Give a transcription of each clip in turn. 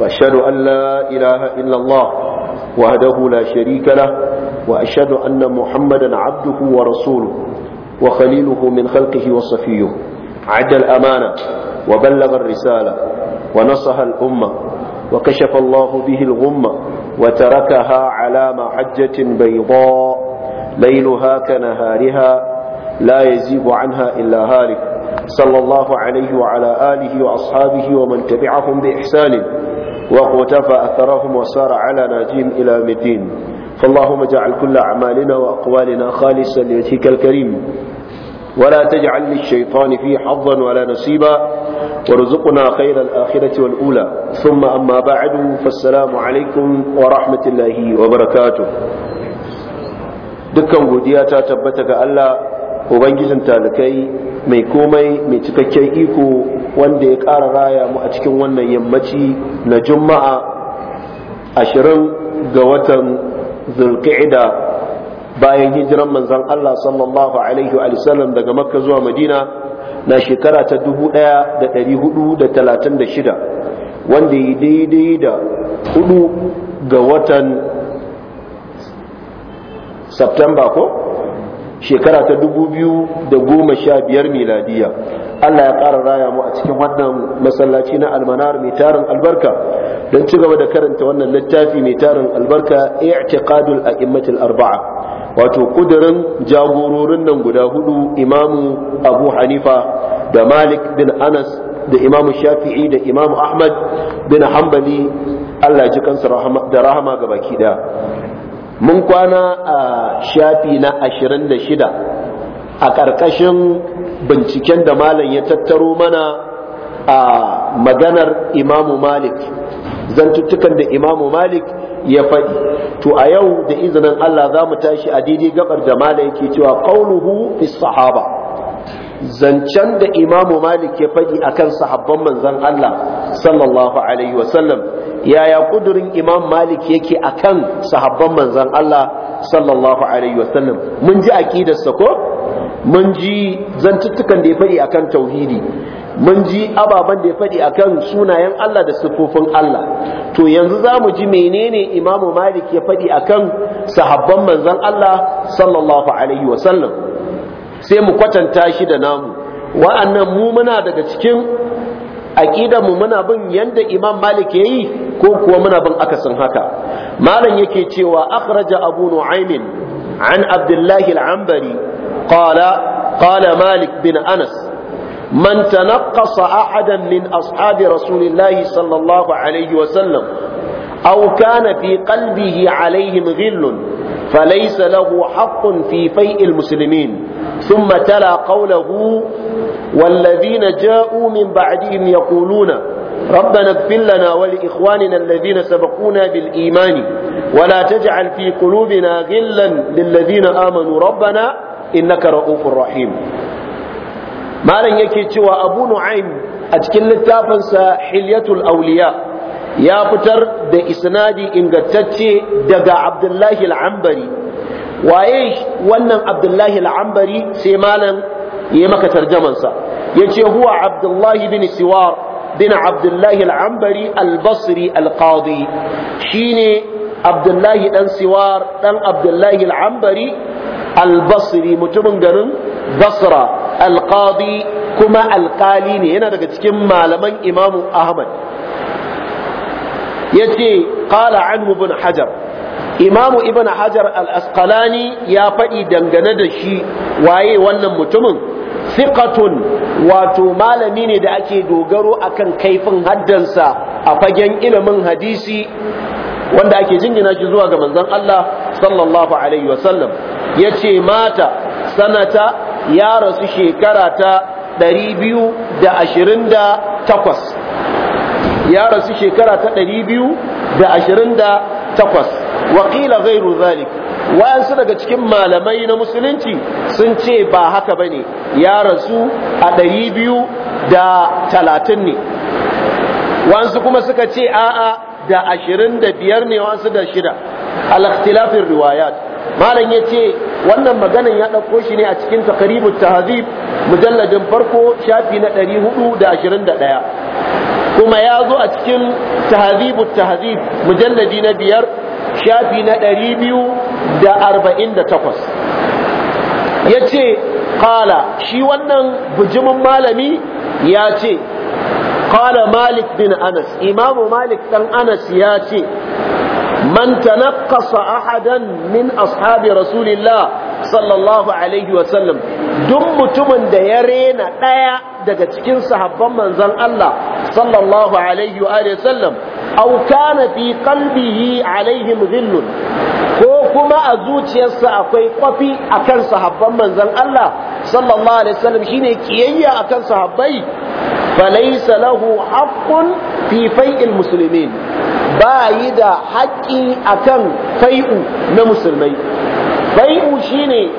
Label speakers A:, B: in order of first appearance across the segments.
A: وأشهد أن لا إله إلا الله وهده لا شريك له وأشهد أن محمدا عبده ورسوله وخليله من خلقه وصفيه عد الأمانة وبلغ الرسالة ونصح الأمة وكشف الله به الغمة وتركها على محجة بيضاء ليلها كنهارها لا يزيب عنها إلا هالك صلى الله عليه وعلى آله وأصحابه ومن تبعهم بإحسان وقتفى أثرهم وسار على ناجيم إلى مدين فاللهم اجعل كل أعمالنا وأقوالنا خالصا لوجهك الكريم ولا تجعل للشيطان فيه حظا ولا نصيبا وارزقنا خير الآخرة والأولى ثم أما بعد فالسلام عليكم ورحمة الله وبركاته دكا ودياتا تبتك ألا ubangijin talikai mai komai mai cikakken iko wanda ya ƙara raya mu a cikin wannan yammaci na juma'a ashirin ga watan zulqa'ida bayan hijiran manzon Allah sallallahu alaihi wa sallam daga makka zuwa madina na shekara ta 1436 wanda ya daidai da hudu ga watan September ko shekara ta dubu biyu da goma sha biyar miladiya Allah ya ƙara raya mu a cikin wannan masallaci na almanar mai tarin albarka don ci gaba da karanta wannan littafi mai tarin albarka i'tiqadul a'immatul arba'a wato kudirin jagororin nan guda hudu imamu Abu Hanifa da Malik bin Anas da imamu Shafi'i da imamu Ahmad bin Hambali Allah ji kansa da rahama ga baki daya mun kwana a shafi na ashirin da shida a ƙarƙashin binciken da malam ya tattaro mana a maganar imamu malik zantuttukan da imamu malik ya faɗi to a yau da izinin Allah za mu tashi a daidai gabar da malam yake cewa ƙaunuhu fi sahaba zancen da imamu malik ya faɗi akan sahabban manzon Allah sallallahu alaihi wasallam yaya kudurin imam malik yake akan sahabban manzan Allah sallallahu alaihi wasallam mun ji aqidarsa ko mun ji zantuttukan da ya faɗi akan tauhidi mun ji ababan da ya faɗi akan sunayen Allah da siffofin Allah to yanzu za mu ji menene imam malik ya faɗi akan sahabban manzan Allah sallallahu alaihi wasallam sai mu kwatanta shi da namu wa'annan mu muna daga cikin mu muna bin yanda imam malik ya yi ko kuwa muna bin akasin haka malam yake cewa akhraja abu nu'aymin an abdullahi al-ambari qala qala malik bin anas man tanaqqasa ahadan min ashabi rasulillahi sallallahu alayhi wa sallam aw kana fi qalbihi alayhim ghillun فليس له حق في فيء المسلمين ثم تلا قوله والذين جاءوا من بعدهم يقولون ربنا اغفر لنا ولإخواننا الذين سبقونا بالإيمان ولا تجعل في قلوبنا غلا للذين آمنوا ربنا إنك رؤوف رحيم malam yake cewa abu nu'aim a cikin littafinsa hilyatul auliya ya fitar da isnadi ingantacce daga abdullahi al'ambari waye wannan abdullahi al'ambari sai malam ya maka tarjamansa ya ce huwa abdullahi bin siwar bin abdullahi al'ambari al-basri al-qadi shine abdullahi ɗan siwar ɗan abdullahi al'ambari al-basri mutumin garin basra al-qadi kuma alkali ne yana daga cikin malaman imamu ahmad yace qala anhu ibn hajar imamu ibn hajar al-asqalani ya faɗi dangane da shi waye wannan mutumin Sikatun wato malami ne da ake dogaro akan kaifin haddansa a fagen ilimin hadisi wanda ake jingina shi zuwa ga manzon Allah sallallahu alaihi wasallam yace mata sanata ya rasu shekara ta 228 ya rasu shekara ta 228 Wakila Zairu zalika wayansu daga cikin malamai na musulunci sun ce ba haka bane ya rasu a ɗari biyu da talatin ne wayansu kuma suka ce a'a da ashirin da biyar ne wayansu da shida al-ikhtilafin riwayat malam ya ce wannan maganan ya ɗauko shi ne a cikin takaribut tahzib mujalladin farko shafi na ɗari hudu da ashirin da ɗaya kuma ya zo a cikin tahzibu tahzib mujalladi na biyar shafi na ɗari biyu da arba'in da takwas ya ce ƙala shi wannan bujimin malami ya ce ƙala malik bin anas imamu malik ɗan anas ya ce man tanaqqasa ahadan min ashabi rasulillah sallallahu alaihi wasallam duk mutumin da ya rena ɗaya daga cikin sahabban manzon Allah sallallahu alaihi wa sallam aw kana fi qalbihi alaihim ghillun ko kuma a zuciyarsa akwai kwafi akan sahabban manzon Allah sallallahu alaihi wasallam shine kiyayya akan sahabbai falaysa lahu haqqun fi fai'il muslimin ba yi da haƙƙi akan fai'u na musulmai fai'u shine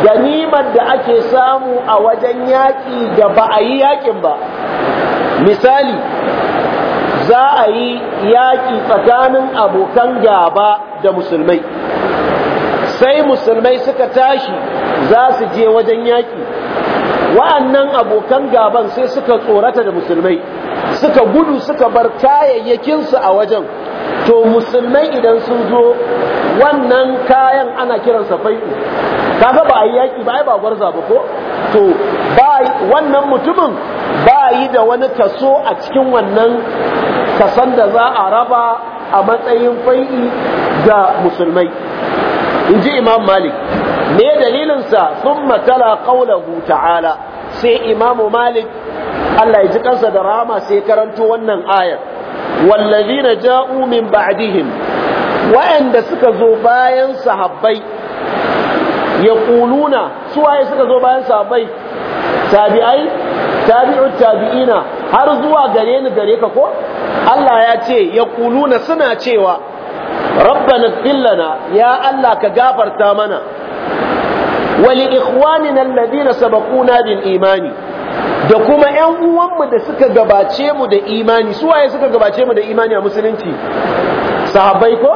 A: ganimar da ake samu a wajen yaƙi da ba a yi yaƙin ba misali za a yi yaƙi tsakanin abokan gaba da musulmai sai musulmai suka tashi za su je wajen yaƙi wa'annan abokan gaban sai suka tsorata da musulmai suka gudu suka bar kayayyakinsu a wajen to musulmai idan sun zo wannan kayan ana kiransa fai'u kaga ba a yi yaƙi ba ai ba gwarza ba ko to wannan mutumin ba yi da wani kaso a cikin wannan kasan da za a raba a matsayin fai'i ga musulmai in ji imam malik me dalilinsa sun matala ƙaunahu ta'ala sai imamu malik Allah ya ji kansa da rama sai karanto wannan ayar na ja'u min ba'dihim wa'anda suka zo bayan sahabbai Su suwaye suka zo bayan sahabbai tabi'ai tabi'u tabi'ina har zuwa gare ni gare ka ko Allah ya ce ya kuluna suna cewa rabbana fillana ya Allah ka gafarta mana wali ikhwanina alladhina sabaquna bil imani da kuma ƴan uwanmu da suka gabace mu da imani su waye suka gabace mu da imani a musulunci Sahabai ko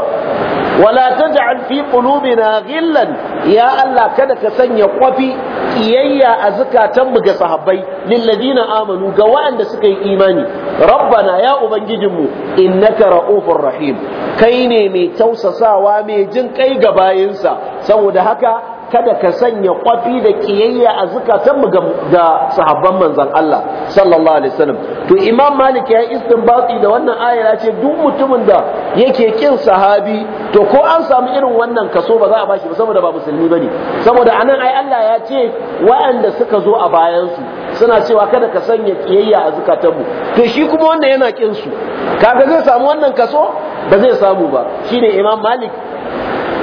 A: wala taj'al fi qulubina ghillan ya Allah kada ka sanya kwafi kiyayya a zikatanmu mu ga sahabbai lilladina ladina amanu ga waɗanda suka yi imani rabbana ya ubangijinmu innaka ra'ufur rahim kai ne mai tausasawa mai jin kai ga bayinsa saboda haka kada ka sanya kwafi da kiyayya a zukatanmu ga sahabban manzon Allah sallallahu alaihi wasallam to imam malik ya istinbati da wannan aya ya ce duk mutumin da yake kin sahabi to ko an samu irin wannan kaso ba za a bashi ba saboda ba musulmi bane saboda anan ai Allah ya ce waɗanda suka zo a bayan su suna cewa kada ka sanya kiyayya a zukatanmu to shi kuma wannan yana kin su kaga zai samu wannan kaso ba zai samu ba shine imam malik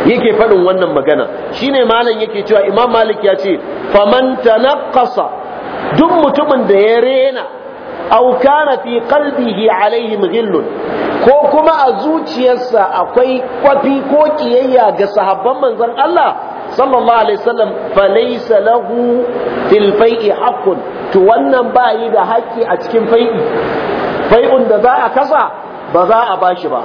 A: yake faɗin wannan magana shine malam yake cewa imam malik ya ce faman tanaqqasa duk mutumin da ya rena aw kana fi qalbihi alaihim ghillun ko kuma a zuciyarsa akwai kwafi ko kiyayya ga sahabban manzon Allah sallallahu alaihi wasallam falaysa lahu fil fai'i haqqun to wannan yi da haƙƙi a cikin fai'i fai'un da za a kasa ba za a bashi ba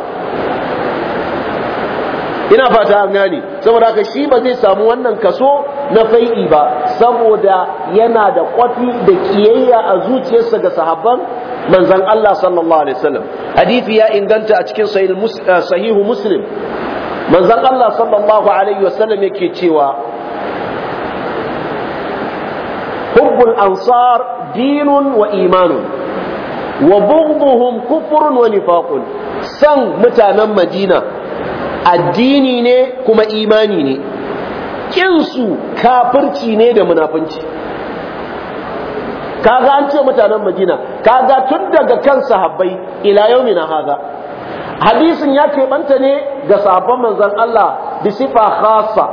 A: ina fata an ne saboda haka shi ba zai samu wannan kaso na fai'i ba saboda yana da kwafi da kiyayya a zuciyarsa ga sahabban manzon Allah sallallahu alaihi wasallam hadisi ya inganta a cikin sahihu eh, muslim manzon Allah sallallahu alaihi wasallam yake cewa hubbul ansar dinun wa imanun wa bughdhuhum kufrun wa nifaqun san mutanen madina addini ne kuma imani ne kinsu kafirci ne da munafunci kaga an ce mutanen madina kaga tun daga kan sahabbai ila yau na haga hadisin ya keɓanta ne ga sahabban manzon Allah bi sifa khassa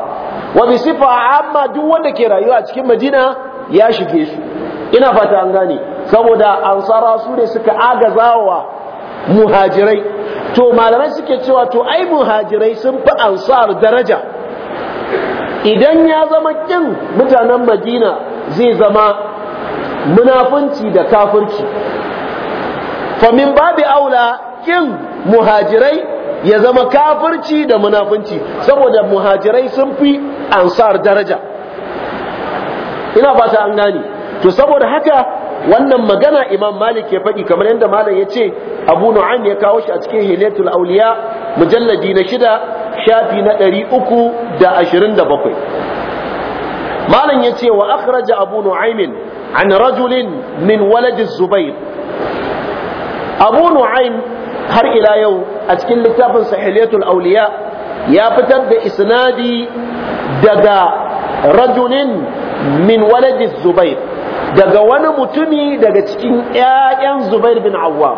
A: wa bi sifa amma duk wanda ke rayuwa cikin madina ya shige shi ina fata an gane saboda ansara su ne suka agazawa muhajirai to malamai suke cewa to ai muhajirai sun fi ansar daraja idan ya zama kin mutanen madina zai zama munafunci da kafirci famin babu aula kin muhajirai ya zama kafirci da munafunci saboda muhajirai sun fi ansar daraja ina ba ta an gani to saboda haka wannan magana imam malik ya faɗi kamar yadda malam ya ce abu nu'am ya kawo shi a cikin hilatul auliya mujalladi na shida shafi na ɗari uku da ashirin da bakwai malam ya ce wa akhraja abu nu'aimin an rajulin min waladi zubair abu nu'aim har ila yau a cikin littafin sahilatul auliya ya fitar da isnadi daga rajulin min waladi zubair daga wani mutumi daga cikin yayan Zubair bin Awwam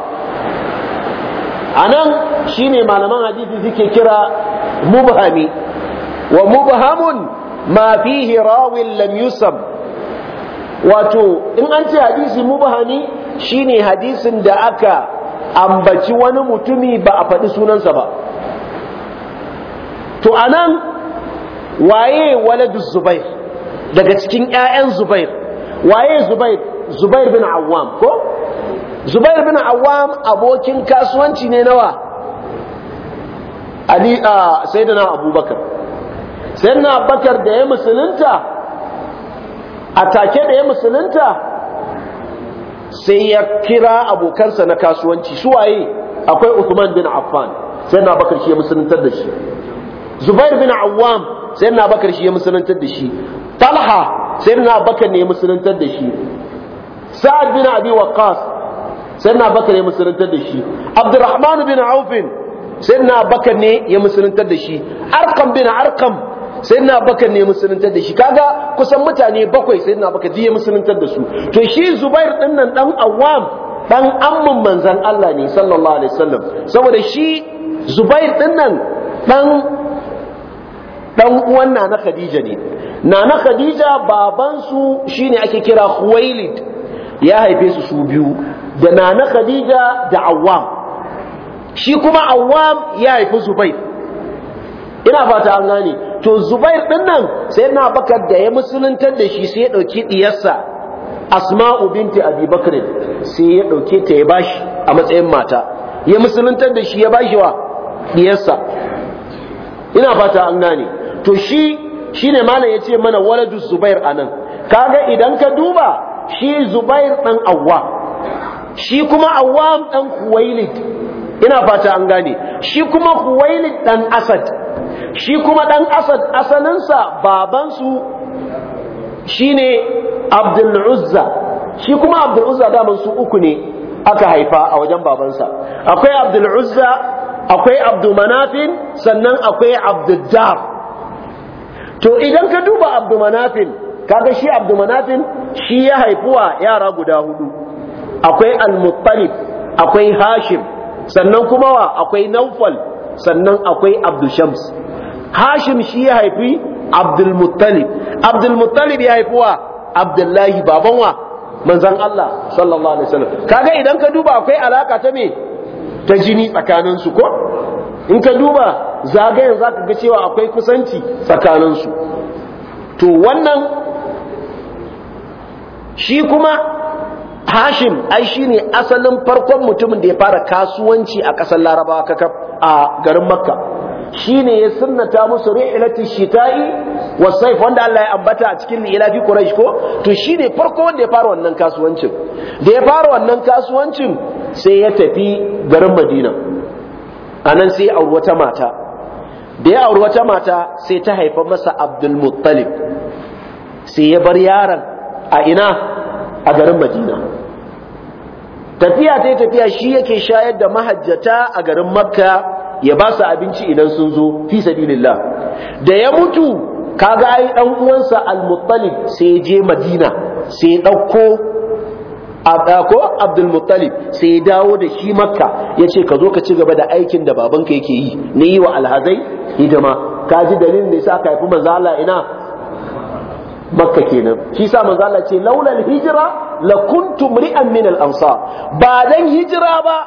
A: anan shine malaman hadisi suke kira mubhami wa mubhamun ma fihi rawin lam yusab wato in an ce hadisi mubhami shine hadisin da aka ambaci wani mutumi ba a faɗi sunansa ba to anan waye waladu Zubair daga cikin yayan Zubair waye zubair zubair bin Awam ko zubair bin Awam abokin kasuwanci ne nawa ali a ah, sayyidina abubakar sayyidina abubakar da ya musulunta a take da ya musulunta sai ya kira abokansa na kasuwanci su waye akwai Uthman bin Affan sayyidina abubakar shi ya musuluntar da shi zubair bin awwam sayyidina abubakar shi ya musuluntar da shi talha sayyidina abubakar ne ya musuluntar da shi sa'ad bin abi waqqas sayyidina abubakar ne ya musuluntar da shi abdurrahman bin auf sayyidina abubakar ne ya musuluntar da shi arqam bin arqam sayyidina abubakar ne ya musuluntar da shi kaga kusan mutane bakwai sayyidina abubakar ya musuluntar da su to shi zubair din nan dan awam dan amman manzan Allah ne sallallahu alaihi wasallam saboda shi Zubair din nan dan dan uwan na Khadija ne nana khadija babansu shine ake kira khuwailid ya haife su su biyu da nana khadija da awwam shi kuma awwam ya haifi zubair ina fata an gane to zubair din nan sai na bakar da ya musulunta da shi sai ya ɗauki diyarsa asma'u binti abi sai ya dauke ta ya bashi a matsayin mata ya musulunta da shi ya bashi wa diyarsa ina fata an gane to shi shine malam yace mana waladu zubair anan kaga idan ka duba shi zubair dan awwa shi kuma awwam dan kuwailid ina fata an gane shi kuma kuwailid dan asad shi kuma dan asad asalinsa babansu shine abdul uzza shi kuma abdul uzza da su uku ne aka haifa a wajen babansa akwai abdul uzza akwai abdul manafin sannan akwai abdul dar to idan ka duba abdumanafin kaga shi abdumanafin shi ya haifuwa yara guda hudu akwai al almuttalib akwai hashim sannan kuma wa akwai naufal sannan akwai abdushams hashim shi ya haifi abdulmuttalib abdulmuttalib ya haifuwa abdullahi baban wa manzan Allah sallallahu alaihi wasallam kaga idan ka duba akwai alaka ta me ta jini tsakaninsu ko in ka duba zagayen za ka ga cewa akwai kusanci tsakaninsu to wannan shi kuma hashim ai shi ne asalin farkon mutumin da ya fara kasuwanci a ƙasar larabawa kakaf a garin makka shi ne ya sunnata musu ri'ilati shita'i wa saif wanda Allah ya ambata a cikin ilafi quraish ko to shi ne farko wanda ya fara wannan kasuwancin da ya fara wannan kasuwancin sai ya tafi garin madina anan sai auri wata mata da ya auri wata mata sai ta haifa masa Abdul Muttalib sai ya bar yaron a ina a garin Madina tafiya ta tafiya shi yake shayar da mahajjata a garin Makka ya ba su abinci idan sun zo fi sabilillah da ya mutu kaga ai dan uwansa al-muttalib sai je madina sai ya dauko ko abdul muttalib sai ya dawo da shi makka ya ce ka zo ka ci gaba da aikin da babanka yake yi na yi wa alhazai hidima ka ji dalilin da yasa ka haifi manzo Allah ina makka kenan shi sa manzo Allah ce laulal hijira la kuntum ri'an min al ansar ba dan hijira ba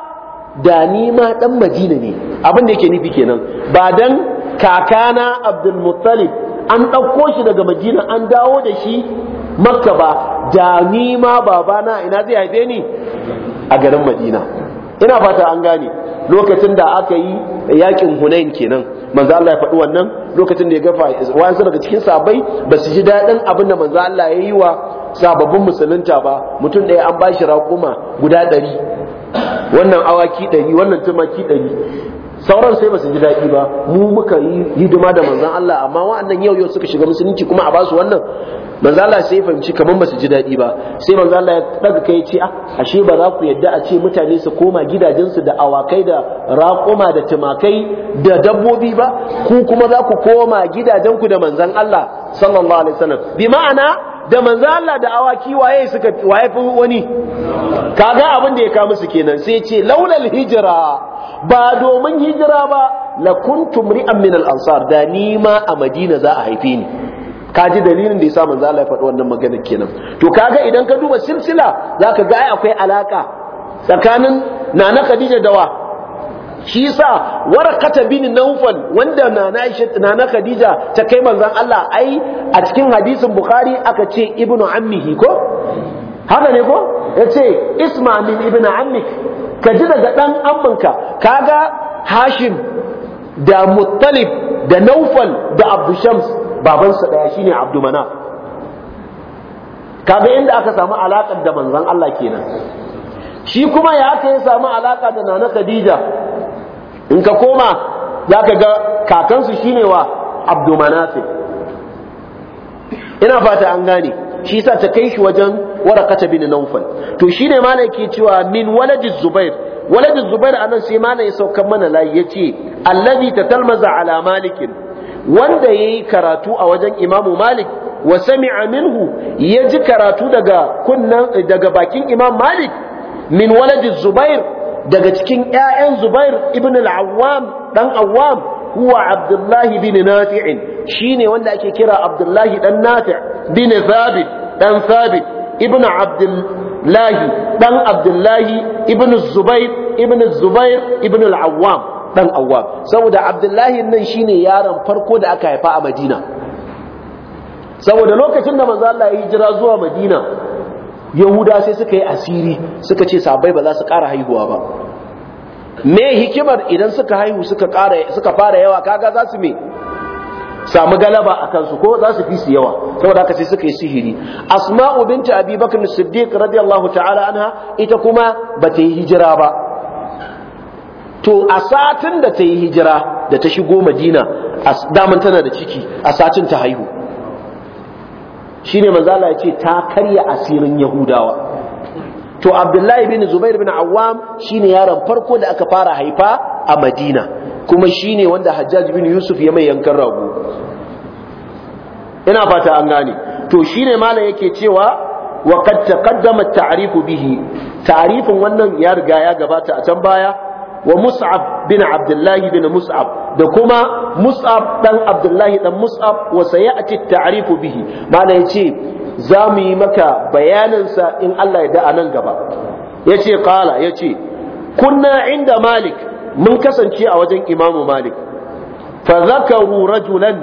A: da ni ma dan madina ne abin da yake nufi kenan ba dan kakana abdul muttalib an ɗauko shi daga madina an dawo da shi makka ba da ni ma babana ina zai haife ni a garin madina ina fata an gane lokacin da aka yi yakin hunain kenan manzo Allah ya faɗi wannan lokacin da ya gafa wayansu daga cikin sabai ba su ji daɗin abin da manzo Allah ya yi wa sababbin musulunta ba mutum ɗaya an ba shi raƙuma guda ɗari wannan awaki ɗari wannan tumaki ɗari sauran sai ba su ji daɗi ba mu muka yi hidima da manzan Allah amma wa'annan yau yau suka shiga musulunci kuma a basu wannan manzo Allah sai fahimci kaman ba su ji daɗi ba sai manzo Allah ya daga kai ce ah ashe ba za ku yadda a ce mutane su koma gidajensu da awakai da raƙuma da tumakai da dabbobi ba ku kuma za ku koma gidajenku da manzon Allah sallallahu alaihi wasallam bi ma'ana da manzo Allah da awaki waye suka waye fi wani kaga abin da ya kawo musu kenan sai ce laulal hijira ba domin hijira ba lakuntum ri'an min al-ansar da ma a Madina za a haife ni ka ji dalilin da yasa manzo Allah ya faɗi wannan magana kenan to kaga idan ka duba silsila zaka ga ai akwai alaka tsakanin nana Khadija da wa shi yasa warqata bin nawfal wanda nana Aisha nana Khadija ta kai manzon Allah ai a cikin hadisin Bukhari aka ce ibnu ammihi ko haka ne ko yace isma min ibnu ammik ka ji daga dan amminka kaga Hashim da Muttalib da Naufal da Abdushams babansa ɗaya shine abdumanaf kaga inda aka samu alaƙar da manzon Allah kenan shi kuma ya aka ya samu alaƙa da nana khadija in ka koma za ka ga kakansu ne wa abdumanafin ina fata an gane shi sa ta kai shi wajen warakata bin naufal to shine malai ke cewa min waladi zubair waladi zubair anan sai malai ya saukar mana layi yace allazi talmaza ala malikin wanda ya yi karatu a wajen imamu malik wa sami'a minhu ya ji karatu daga kunnan daga bakin imam malik min waladi zubair daga cikin 'ya'yan zubair ibn al-awwam dan awwam huwa abdullahi bin nafi'in shine wanda ake kira abdullahi dan nafi' bin thabit dan thabit ibn abdullahi dan abdullahi ibn zubair ibn zubair ibn al-awwam dan awwab saboda abdullahi nan shine yaron farko da aka haifa a madina saboda lokacin da manzo Allah ya hijira zuwa madina yahuda sai suka yi asiri suka ce sabai ba za su ƙara haihuwa ba me hikimar idan suka haihu suka ƙara suka fara yawa kaga za su me samu galaba a kansu ko za su fi su yawa saboda haka sai suka yi sihiri asma'u binti abi bakr siddiq radiyallahu ta'ala anha ita kuma bata yi hijira ba to a satin da ta yi hijira da ta shigo madina daman tana da ciki a satin ta haihu Shi manzala ya ce ta karya asirin yahudawa to abdullahi bin zubair bin awam ne yaron farko da aka fara haifa a madina kuma shi ne wanda hajjaj bin yusuf ya mai yankan rago ina fata an gane to shi ne malam yake cewa wa qad taqaddama at bihi ta'rifin wannan ya riga ya gabata a can baya wa Mus'ab bin Abdullahi bin Mus'ab da kuma Mus'ab dan Abdullahi dan Mus'ab wa sayati ta'rifu bihi mana yace za mu yi maka bayanin sa in Allah ya da anan gaba yace qala yace kunna inda Malik mun kasance a wajen Imam Malik fa zakaru rajulan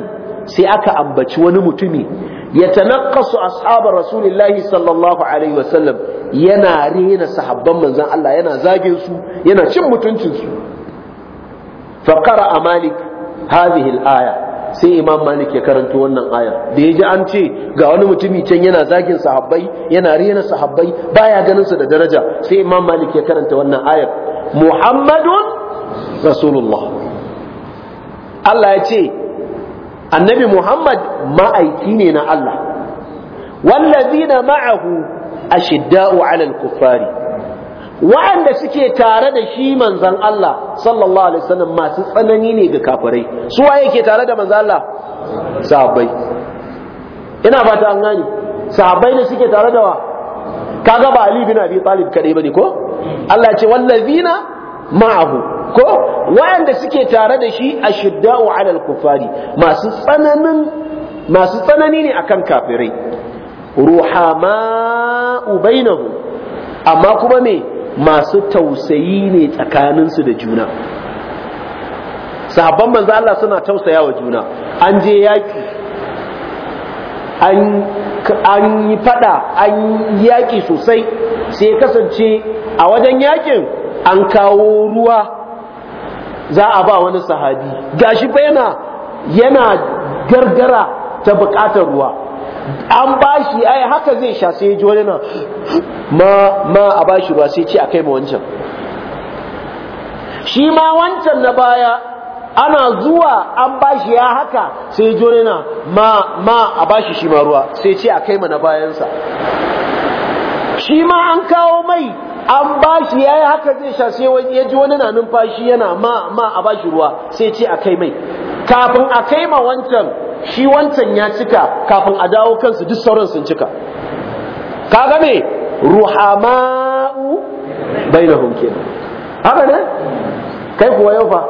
A: sai aka ambaci wani mutumi yatanaqqasu ashabar rasulillahi sallallahu alaihi wasallam yana rena sahabban manzan Allah yana zagin su yana cin mutuncin su fa qara'a malik hadhihi al-aya sai imam malik ya karanto wannan ayar. da yaji an ce ga wani mutumi can yana zagin sahabbai yana rena sahabbai baya ganin su da daraja sai imam malik ya karanta wannan ayar muhammadun rasulullah Allah ya ce annabi muhammad ma'aiki ne na Allah wallazina ma'ahu ashidda'u 'alal kuffari wa'anda suke tare da shi manzon Allah sallallahu alaihi wasallam masu tsanani ne ga kafirai su waye ke tare da manzon Allah sahabbai ina fata an gani sahabbai ne suke tare da wa kaga ba Ali bin Abi Talib kadai bane ko Allah ya ce wallazina ma'ahu ko waɗanda suke tare da shi a shidda'u alal kufari masu tsananin masu tsanani ne akan kafirai ruhama'u bainahu amma kuma me masu tausayi ne tsakaninsu da juna sahabban manzo Allah suna tausaya wa juna an je yaki an yi fada an yaki sosai sai kasance a wajen yakin an kawo ruwa za a ba wani sahabi gashi fa yana yana gargara ta bukatar ruwa an ba shi ai haka zai sha sai ji wani nan ma ma a bashi ba sai ce a kai ma wancan shi ma wancan na baya ana zuwa an ba shi ya haka sai ji wani nan ma ma a bashi shi ma ruwa sai ce a kai ma na bayansa shi ma an kawo mai an ba bashi yayi haka zai sha sai wani ya ji wani na numfashi yana ma ma a bashi ruwa sai ce a kai mai kafin a kai ma wancan shi wancan ya cika kafin a dawo kansu duk sauran sun cika kaga me ruhama'u bainahum ke haka ne kai kuwa yau fa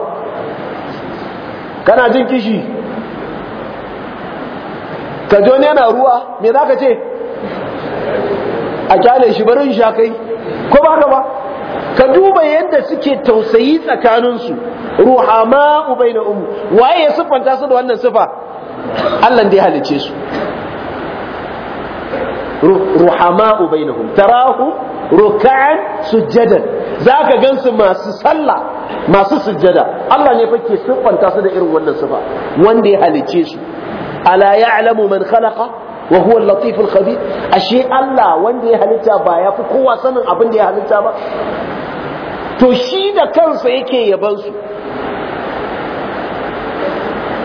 A: kana jin kishi ka jo yana ruwa me zaka ce a kyale shi barin sha kai ko ba ka ba ka duba yadda suke tausayi tsakaninsu ruhama ubaina umu waye ya siffanta su da wannan sifa Allah da ya halice su ruhama ubainahum tarahu ruk'an sujjadan za ka gansu masu sallah masu sujjada Allah ne fa ke siffanta su da irin wannan sifa wanda ya halice su ala ya'lamu man khalaqa wa huwa al khabir ashe Allah wanda ya halitta ba ya fi kowa sanin abin da ya halitta ba to shi da kansa yake yaban su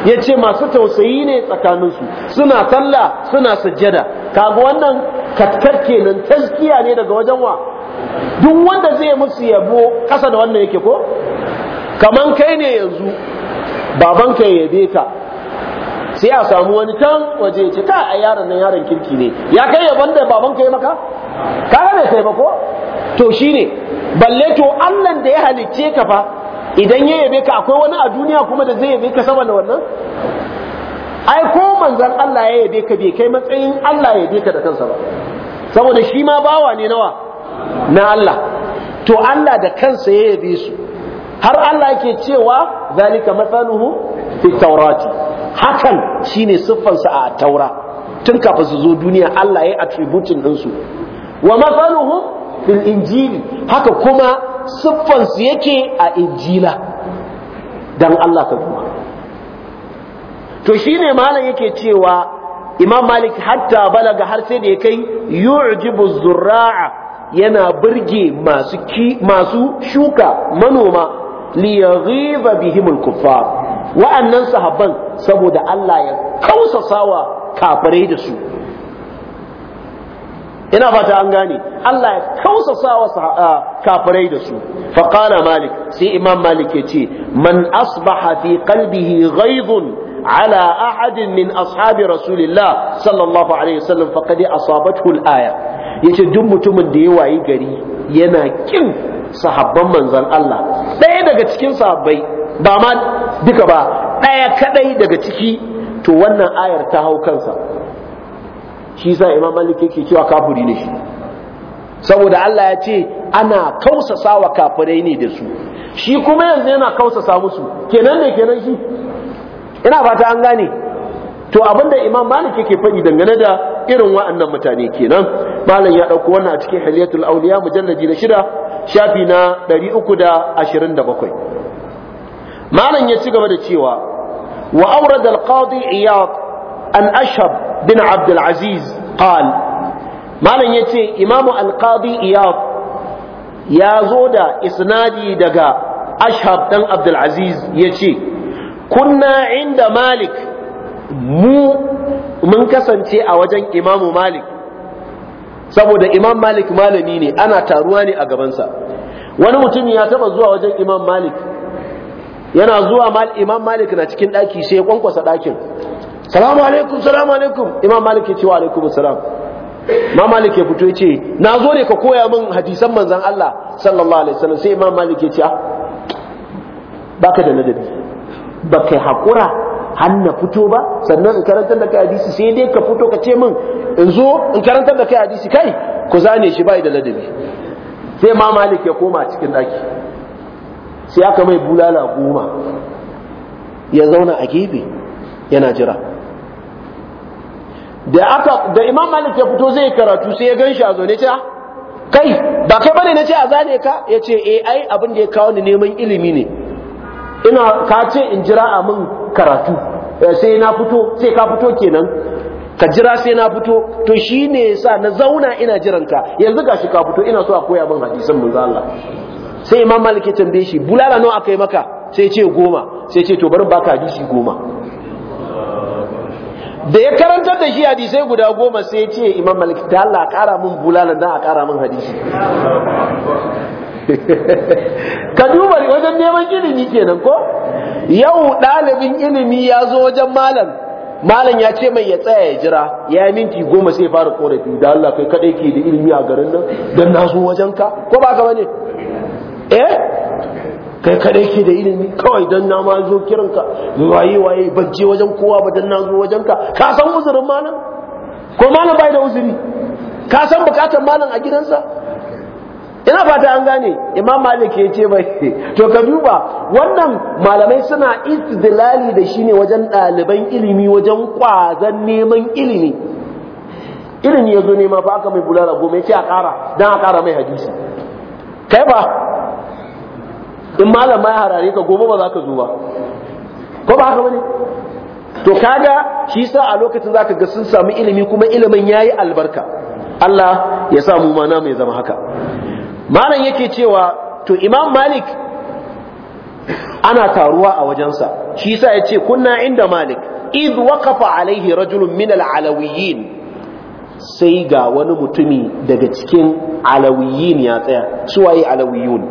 A: yace masu tausayi ne tsakaninsu suna sallah suna sujjada kaga wannan katkar kenan tazkiya ne daga wajen wa duk wanda zai musu yabo kasa da wannan yake ko kaman kai ne yanzu babanka ya yabe ka sai a samu wani can waje ce ka a yaron nan yaron kirki ne ya kai yaban da baban ka yi maka ka ga bai kai ba ko to shine balle to Allah da ya halicce ka fa idan ya yabe ka akwai wani a duniya kuma da zai yabe ka sama wannan ai ko manzon Allah ya yabe ka bai kai matsayin Allah ya yabe ka da kansa ba saboda shi ma bawa ne nawa na Allah to Allah da kansa ya yabe su har Allah yake cewa zalika mathaluhu fi tawrati hakan shine siffansa a taura tun kafin su zo duniya Allah ya attributin ɗinsu wa matsaluhum fil injili haka kuma siffansu yake a injila don Allah ka kuma to shine malam yake cewa imam malik hatta balaga har sai da ya kai yu'jibu zurra'a yana burge masu shuka manoma liyaghiba bihimul kuffar wa'annan sahabban saboda Allah ya kausasawa kafirai da su ina fata an gane Allah ya kausasawa kafirai da su faqala malik sai imam malik ce, man asbaha fi kalbihi ghaidun ala ahadin min ashabi rasulillah sallallahu alaihi wasallam faqad asabathu al-aya yace duk mutumin da ya wayi gari yana ƙin sahabban manzon Allah ɗaya daga cikin sahabbai ba ma duka ba ɗaya kaɗai daga ciki to wannan ayar ta hau kansa shi sa imam malik yake cewa kafuri ne shi saboda Allah ya ce ana kausasa wa kafirai ne da su shi kuma yanzu yana kausasa musu kenan ne kenan shi ina fata an gane to abinda imam malik yake faɗi dangane da irin wa'annan mutane kenan malam ya ɗauko wannan a cikin haliyatul auliya mujalladi na shida shafi na 327 malam ya ci gaba da cewa wa awrad al-qadi iyad an ashab bin abd al-aziz qal malam yace imamu al-qadi iyad ya zo da isnadi daga ashab dan abd al-aziz yace kunna inda malik mu mun kasance a wajen imamu malik saboda imam malik malami ne ana taruwa ne a gabansa wani mutum ya taba zuwa wajen imam malik yana zuwa mal imam malik na cikin daki sai ya kwankwasa dakin salamu alaikum salamu alaikum imam malik ya ce wa alaikum salam imam malik ya fito ya ce na zo ne ka koya min hadisan manzan Allah sallallahu alaihi wasallam sai imam malik ya ce ah, baka da ladabi baka hakura har na fito ba sannan in karantar da kai hadisi sai dai ka fito ka ce min in zo in karantar da kai hadisi kai ku zane shi bai da ladabi sai imam malik ya koma cikin daki sai aka mai bulala goma ya zauna a gefe yana jira da aka da imam malik ya fito zai karatu sai ya ganshi a zaune ce ah, kai ba kai bane na ce a zane ka ya ce eh ai abin da ya kawo ni neman ilimi ne ina ka ce in jira a min karatu eh, sai na fito sai ka fito kenan ka jira sai na fito to shi shine yasa na zauna ina jiranka yanzu ga shi ka fito ina so a koya min hadisin manzo Allah sai imam maliki ya tambaye shi bulala nawa aka yi maka sai ce goma sai ce to bari baka hadisi goma da ya karantar da shi hadisai guda goma sai ce imam maliki ta Allah kara min bulala dan a kara min hadisi ka duba wajen neman ilimi kenan ko yau dalibin ilimi ya zo wajen malam malam ya ce mai ya tsaya ya jira ya minti goma sai fara korafi da Allah kai kadai ke da ilimi a garin nan dan na zo wajen ka ko ba ka bane eh kai kadai ke da ilimi kawai don na ma zo kiranka waye waye ban wajen kowa ba don na zo wajen ka ka san uzurin malam ko malam bai da uzuri ka san bukatar malam a gidansa ina fata an gane imam malik ya ce bai to ka duba wannan malamai suna istidlali da shi ne wajen ɗaliban ilimi wajen kwazan neman ilimi ilimi ya zo nema ba aka mai bulara goma ya ce a ƙara don a ƙara mai hadisi kai ba in malama ya harare ka gobe ba za ka zo ba ko ba haka bane to kaga shi sa a lokacin zaka ga sun samu ilimi kuma ilimin yayi albarka Allah ya sa mu mana mai zama haka malam yake cewa to Imam Malik ana taruwa a wajensa shi sa ya ce kunna inda Malik id waqafa alaihi rajulun min al sai ga wani mutumi daga cikin alawiyin ya tsaya su waye alawiyun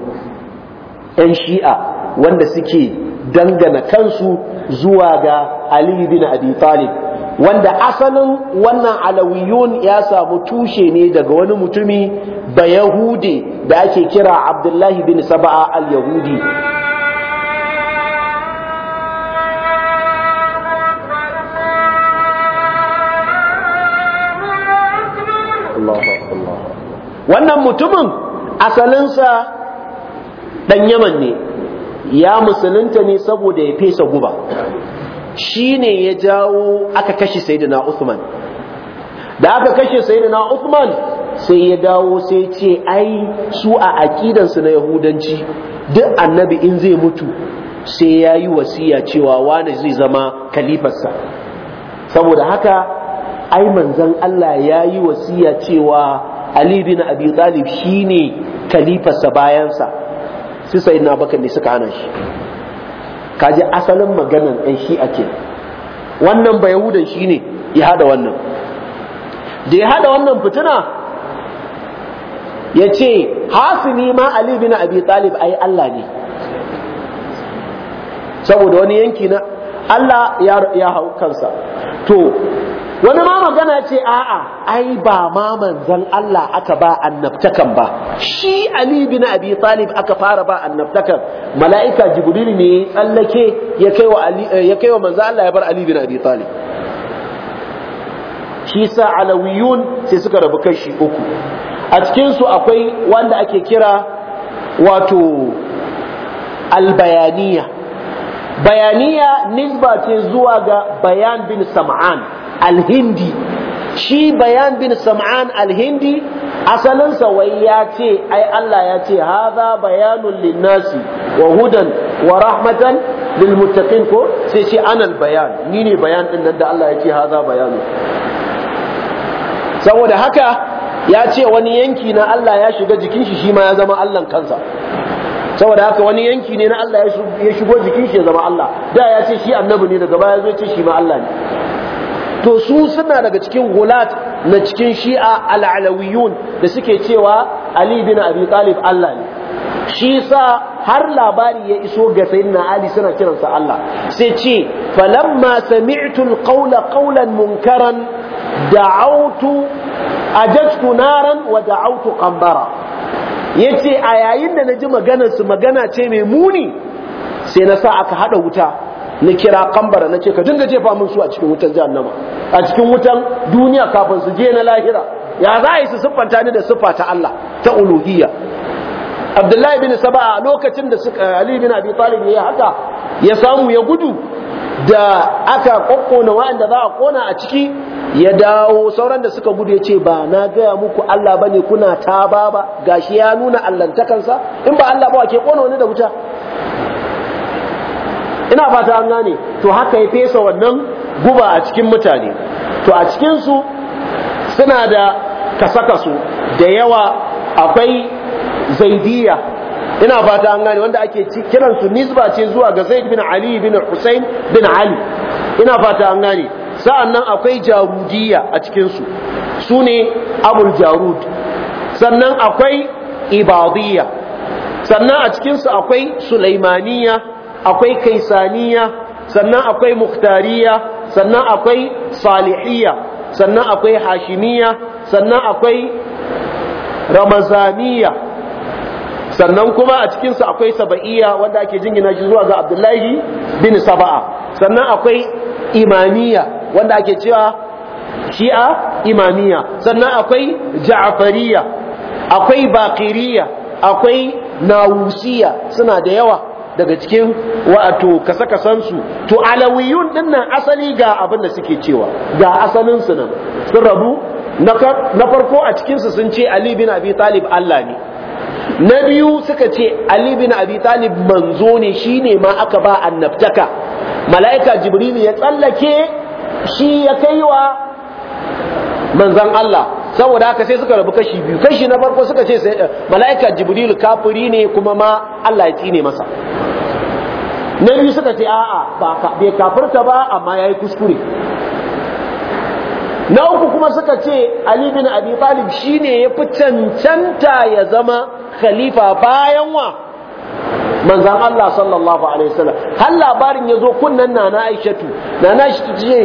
A: 'yan shi'a wanda suke dangana kansu zuwa ga Ali bin Abi Talib wanda asalin wannan alawiyun ya samu tushe ne daga wani mutumi ba Yahude da ake kira Abdullahi bin Saba'a al-Yahudi wannan mutumin asalinsa dan yaman ne ya musulunta ne saboda ya fesa guba shi ne ya jawo aka kashe sayyidina Usman da aka kashe sayyidina Usman sai ya dawo sai ce ai su a akidansu na yahudanci duk annabi in zai mutu sai ya yi wasiya cewa wane zai zama kalifarsa saboda haka ai manzan Allah ya yi wasiya cewa Ali bin Abi Talib shine kalifarsa bayansa su sai na bakar ne suka hana shi kaji asalin maganan ɗan shi ake wannan ba yahudan shi ne ya hada wannan da ya hada wannan fitina ya ce hasini ma ali bin abi talib ai Allah ne saboda wani yanki na Allah ya hau kansa to wani ma magana ce a'a ai ba ma manzan Allah aka ba annabtakan ba shi Ali bin Abi Talib aka fara ba annabtakan mala'ika Jibril ne tsallake ya kai wa Ali eh, ya kai wa manzon Allah ya bar Ali bin Abi Talib shi sa alawiyun sai suka rabu kashi uku a cikin su akwai wanda ake kira wato albayaniya bayaniya nisba ce zuwa ga bayan bin sam'an alhindi shi bayan bin sam'an alhindi asalinsa wai ya ce ai Allah ya ce haza bayanun linnasi wa hudan wa rahmatan lil muttaqin ko sai ce anan bayan ni ne bayan din da Allah ya ce haza bayanu saboda haka ya ce wani yanki na Allah ya shiga jikin shi shi ma ya zama Allahn kansa saboda haka wani yanki ne na Allah ya shigo jikin shi ya zama Allah da ya ce shi annabi ne daga baya zai ce shi ma Allah ne to su suna daga cikin gulat na cikin shi'a al'alawiyun da suke cewa Ali bin Abi Talib Allah ne shi sa har labari ya iso ga sayyidina Ali suna kiransa Allah sai ce falamma sami'tu al-qawla qawlan munkaran da'awtu ajadtu naran wa da'autu qambara ya ce a yayin da na ji maganarsu magana ce mai muni sai na sa aka haɗa wuta na kira kambara na ce ka dinga jefa min su a cikin wutan Nama a cikin wutan duniya kafin su je na lahira ya za a yi su siffanta ni da siffa ta Allah ta uluhiyya Abdullahi bin Saba a lokacin da suka Ali bin Abi Talib ya haka ya samu ya gudu da aka kokona waɗanda za a kona a ciki ya dawo sauran da suka gudu ya ce ba na gaya muku Allah bane kuna ta ba ba gashi ya nuna allantakansa in ba Allah ba wa ke kona wani da wuta ina fata an gane to haka ya fesa wannan guba a cikin mutane to a cikin su suna da kasakasu da yawa akwai zaidiya ina fata an gane wanda ake kiran su nisba ce zuwa ga Zaid bin Ali bin Hussein bin Ali ina fata an gane sa'annan akwai jarudiyya a cikin su sune Abul Jarud sannan akwai ibadiyya sannan a cikin su akwai Sulaimaniya akwai Kaisaniya sannan akwai Muhtariya sannan akwai Salihiyya sannan akwai Hashimiyya sannan akwai Ramazaniya sannan kuma a cikinsu akwai saba'iya wanda ake jingina shi zuwa ga abdullahi bin saba'a sannan akwai imamiya wanda ake cewa shi'a imamiya sannan akwai ja'fariya akwai bakiriya akwai nawusiya suna da yawa daga cikin wato kasa-kasansu to alawiyun dinnan asali ga abin da suke cewa ga asalinsu nan sun rabu na farko a cikinsu sun ce ali bin abi talib Allah ne na biyu suka ce ali bin abi talib manzo ne shine ma aka ba annabtaka mala'ika jibril ya tsallake shi ya kaiwa manzon Allah saboda haka sai suka rabu kashi biyu kashi na farko suka ce mala'ika jibril kafiri ne kuma ma Allah ya tsine masa na biyu suka ce a'a ba bai kafirta ba amma yayi kuskure na uku kuma suka ce ali bin abi talib shine ya fi cancanta ya zama khalifa bayan wa manzan Allah sallallahu alaihi wasallam har labarin ya zo kunnan nana Aishatu nana shi ce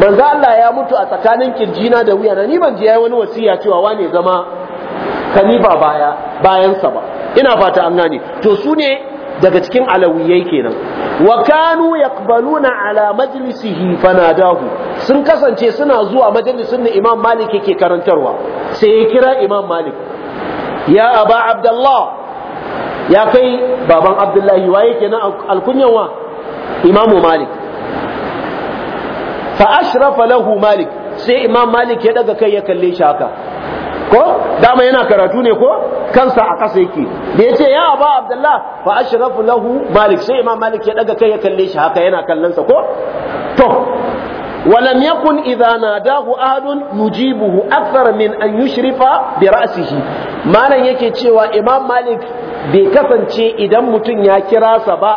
A: manzan Allah ya mutu a tsakanin kirjina da wuya na ni ban ji yayi wani wasiya cewa wane zama khalifa baya bayansa ba ina fata an gane to su ne daga cikin alawiyai kenan wa kanu yaqbaluna ala majlisihi fanadahu sun kasance suna zuwa majalisin da Imam Malik yake karantarwa sai ya kira Imam Malik ya aba Abdullah ya kai baban Abdullahi waye kenan wa? Imam Malik fa ashrafa lahu Malik sai Imam Malik ya daga kai ya kalle shi haka ko dama yana karatu ne ko kansa a kasa yake da ya ce ya ba abdullah fa ashrafu lahu malik sai imam malik ya daga kai ya kalle shi haka yana kallansa ko to wa lam yakun idha nadahu ahadun yujibuhu akthar min an yushrifa bi ra'sihi malan yake cewa imam malik bai kasance idan mutum ya kira ba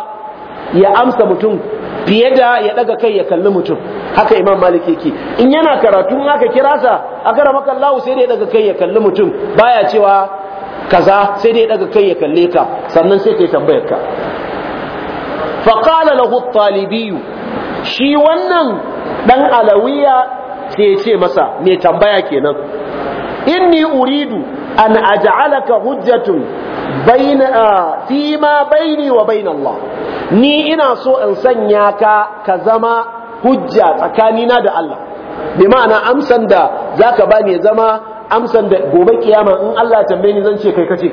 A: ya amsa mutum fiye da ya ɗaga kai ya kalli mutum haka imam malik yake in yana karatu haka kira sa akara makallahu sai dai daga kai ya kalli mutum baya cewa kaza sai dai daga kai ya kalle ka sannan sai kai tambayar ka fa qala lahu talibiyu shi wannan dan alawiya sai ya ce masa mai tambaya kenan inni uridu an aj'alaka hujjatun baina fi ma baini wa bain Allah ni ina so in sanya ka ka zama hujja tsakanina da Allah bi ma'ana amsan da zaka bani ya zama amsan da gobe kiyama in Allah tambaye ni zan ce kai kace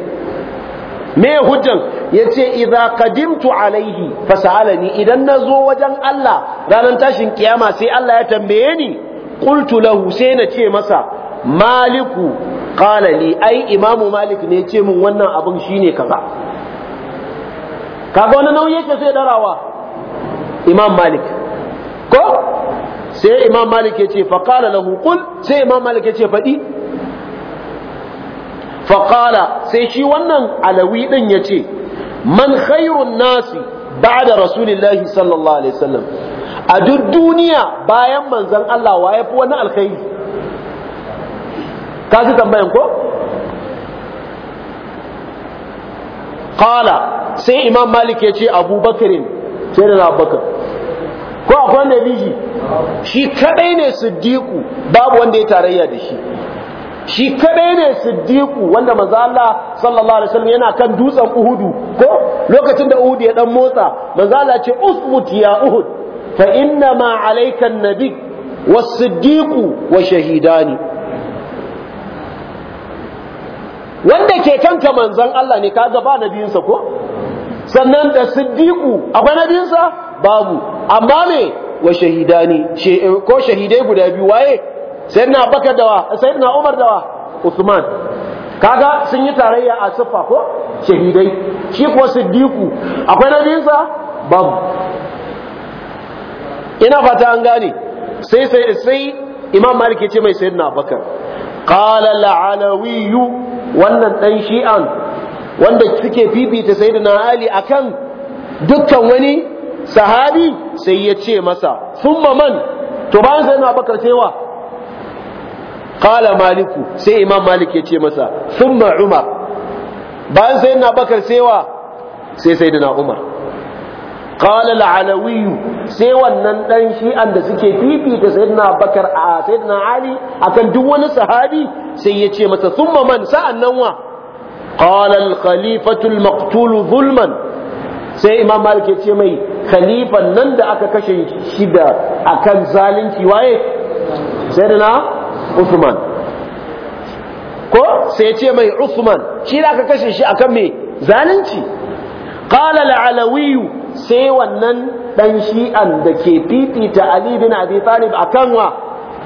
A: me hujjan yace idza qadimtu alaihi fasalani idan nazo wajen Allah ranar tashin kiyama sai Allah ya tambaye ni qultu lahu sai na ce masa maliku qala li ai imamu malik ne ce min wannan abin shine kaza kaga wani nauyi yake sai darawa imam malik ko sai imam malik ya ce faƙala lahu qul sai imam malik ya ce faɗi faƙala sai shi wannan alawi ɗin ya ce man khairun nasi ba da rasulillahi sallallahu alaihi wasallam a duk duniya bayan manzan Allah wa ya fi wani alkhairi ka ji tambayan ko? ƙala sai imam malik ya ce abubakarin sai da abubakar ko akwai wanda biji shi kadai ne siddiku babu wanda ya tarayya da shi shi kadai ne siddiqu wanda maza sallallahu alaihi wasallam yana kan dutsen Uhudu ko lokacin da Uhud ya dan motsa manzo ce usmut ya Uhud fa inna ma alayka an-nabi was-siddiqu wa shahidani wanda ke kanka manzon Allah ne kaga ba nabiyinsa ko sannan da siddiqu akwai nabiyinsa babu amma ne wa shahidani ko shahidai guda biyu waye sayyidina Abubakar dawa sayyidina Umar dawa usman kaga sun yi tarayya a siffa ko shahidai shi ko siddiqu akwai na biyunsa babu ina fata an gane sai sai sai imam malik ce mai sayyidina abubakar qala al-alawi wannan dan shi'an wanda suke fifita sayyidina ali akan dukkan wani sahabi sai ya ce masa thumma man to bayan sayyidina abubakar cewa wa qala maliku sai imam malik ya ce masa thumma umar bayan sayyidina bakar sewa sai sayyidina umar qala al sai wannan dan shi'an da suke fifita sayyidina bakar a sayyidina ali akan duk wani sahabi sai yace masa thumma man sa'annan wa qala al-khalifatu zulman sai imam malik ya ce mai khalifan nan da aka kashe shi da akan zalunci waye Usman ko sai ya ce mai Usman shi da aka kashe shi akan me zalunci qala al-alawi sai wannan dan shi'an da ke fifita Ali bin Abi Talib akan wa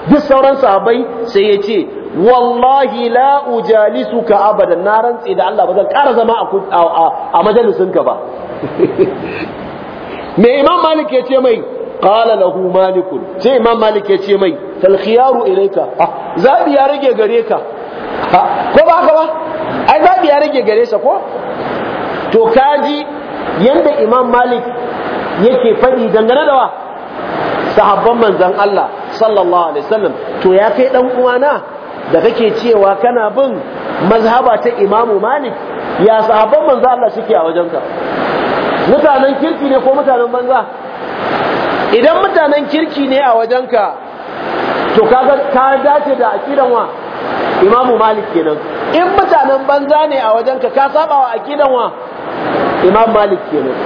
A: duk sauran sahabbai sai ya ce wallahi la ujalisuka abadan na rantse da Allah ba zan zama a majalisinka ba me Imam Malik ya ce mai قال له مالك sai imam malik يا ce mai fal khiyaru ilayka ah, zabi ya rage gare ka ah, ko ba haka ba ai zabi ya rage gare sa ko to kaji yanda imam malik yake faɗi dangane da wa sahabban manzan Allah sallallahu alaihi wasallam to ya kai da kake cewa kana bin mazhaba ta Imam Malik ya sahabban manzo Allah suke a wajenka mutanen kirki ne ko mutanen banza idan mutanen kirki ne a wajenka to kaga ka dace da akidan wa imamu malik kenan in mutanen banza ne a wajenka ka saba wa akidan wa imam malik kenan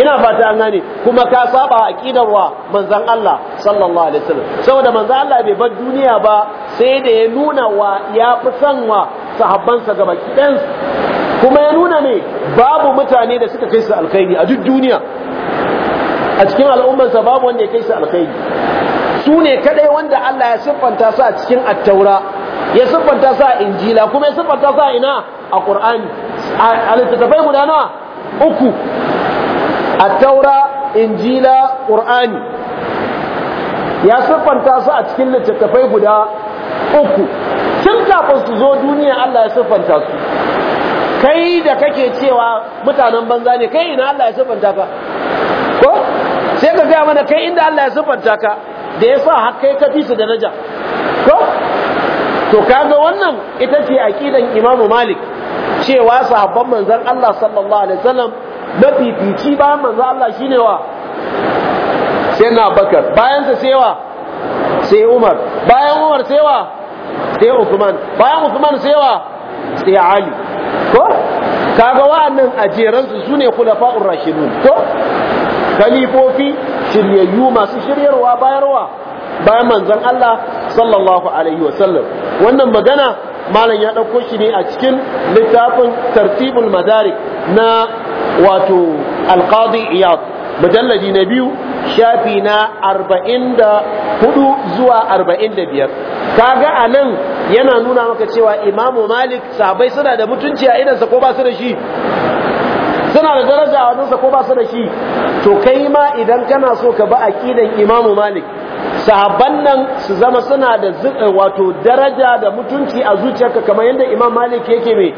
A: ina fata an gane kuma ka saba wa akidan wa manzon Allah sallallahu alaihi wasallam saboda manzon Allah bai bar duniya ba sai da ya nuna wa ya fi son wa sahabbansa gaba kidan kuma ya nuna ne babu mutane da suka kai su alkhairi a duk duniya a cikin al'ummansa babu wanda ya kai su alkhairi su ne kaɗai wanda Allah ya siffanta su a cikin attaura ya siffanta su a injila kuma ya siffanta su a ina a qur'ani a littattafai guda nawa uku attaura injila qur'ani ya siffanta su a cikin littattafai guda uku tun kafin su zo duniya Allah ya siffanta su kai da kake cewa mutanen banza ne kai ina Allah ya siffanta ka ko sai ka gaya mana kai inda Allah ya siffanta ka da ya sa haka ya ka fi su da naja ko to kaga wannan ita ce aqidan imamu Malik cewa sahabban manzon Allah sallallahu alaihi wasallam mafifici bayan manzon Allah shine wa sai na Bakar bayan sa sai wa sai Umar bayan Umar sai wa sai Usman. bayan Usman sai wa sai Ali ko kaga wa'annan ajeransu sune khulafa'ur rashidun ko khalifofi shiryayyu masu shiryarwa bayarwa bayan manzon Allah sallallahu alaihi wasallam wannan magana malam ya ɗauko shi ne a cikin littafin tartibul madarik na wato alqadi iyad mujalladi na biyu shafi na arba'in da hudu zuwa arba'in da biyar kaga a nan yana nuna maka cewa imamu malik sabai suna da mutunci a idansa ko ba su da shi suna da daraja a wajensa ko ba su da shi to kai ma idan kana so ka ba aqidan imamu malik sahabban nan su zama suna da eh, wato daraja da mutunci a zuciyarka kamar yadda imam malik yake me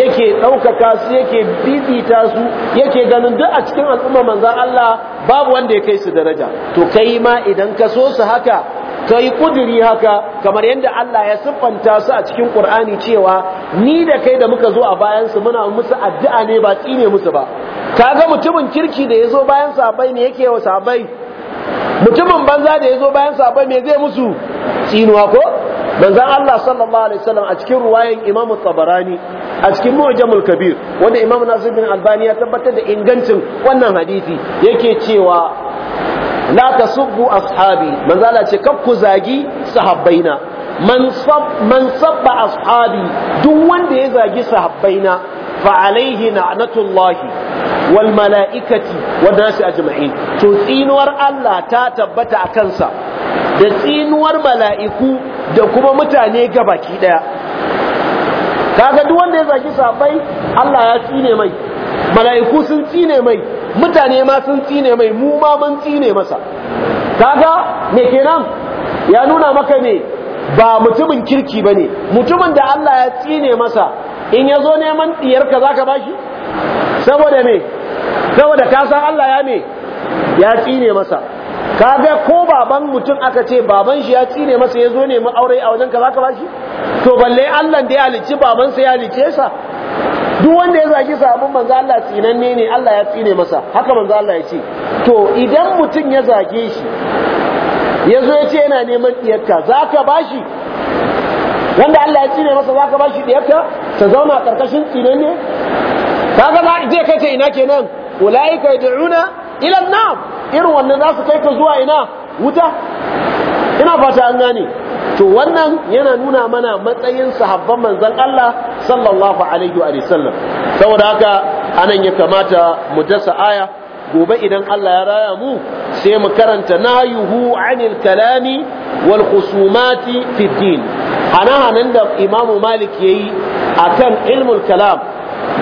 A: yake ɗaukaka su yake bibita su yake ganin duk a cikin al'umma manzan Allah babu wanda ya kai su daraja to kai ma idan ka so su haka ka yi ƙuduri haka kamar yadda Allah ya siffanta su a cikin ƙur'ani cewa ni da kai da muka zo a bayansu muna musu addu'a ne ba tsine musu ba ka ga mutumin kirki da ya zo bayan sabai ne yake wa sabai mutumin banza da ya zo bayan sabai me zai musu tsinuwa ko manzon Allah sallallahu alaihi wasallam a cikin ruwayan Imam Tabarani a cikin Mu'jamul Kabir wanda Imam Nasir bin Albani ya tabbatar da ingancin wannan hadisi yake cewa la tasubbu ashabi manzo Allah ce kar ku zagi sahabbaina man sab sabba ashabi duk wanda ya zagi sahabbaina fa alaihi la'natullahi wal mala'ikati wan nasi ajma'in to tsinuwar Allah ta tabbata a kansa da tsinuwar mala'iku da kuma mutane gabaki daya kaga duk wanda ya zagi sahabai Allah ya tsine mai mala'iku sun tsine mai mutane ma sun tsine mai mu ma mun tsine masa kaga me kenan ya nuna maka ne ba mutumin kirki ba ne mutumin da Allah ya tsine masa in yazo zo neman ɗiyarka za ka ba shi saboda me saboda ka san Allah ya me ya tsine masa kaga ko baban mutum aka ce baban shi ya tsine masa ya zo neman aure a wajen ka za ka ba shi to balle Allah da ya halicci babansa ya halicce sa duk wanda ya zagi sahabban manzo Allah tsinanne ne Allah ya tsine masa haka manzo Allah ya ce to idan mutum ya zage shi yazo ya ce yana neman diyarka za bashi wanda Allah ya tsine masa za ka bashi diyarka ta zauna karkashin tsinanne kaga za je kai ce ina kenan ulaika yad'una ila an-nar irin wannan za su kai ka zuwa ina wuta ina fata an gane to wannan yana nuna mana matsayin sahabban manzon Allah sallallahu alaihi wa sallam saboda haka anan ya kamata mu dasa aya gobe idan Allah ya raya mu sai mu karanta nayuhu anil kalami wal khusumati fi din ana hanan da Imam Malik yayi akan ilmul kalam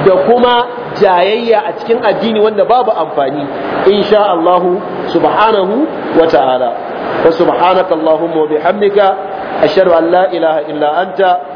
A: da kuma jayayya a cikin addini wanda babu amfani insha Allah subhanahu wa ta'ala wa subhanakallahumma wa bihamdika أشهد أن لا إله إلا أنت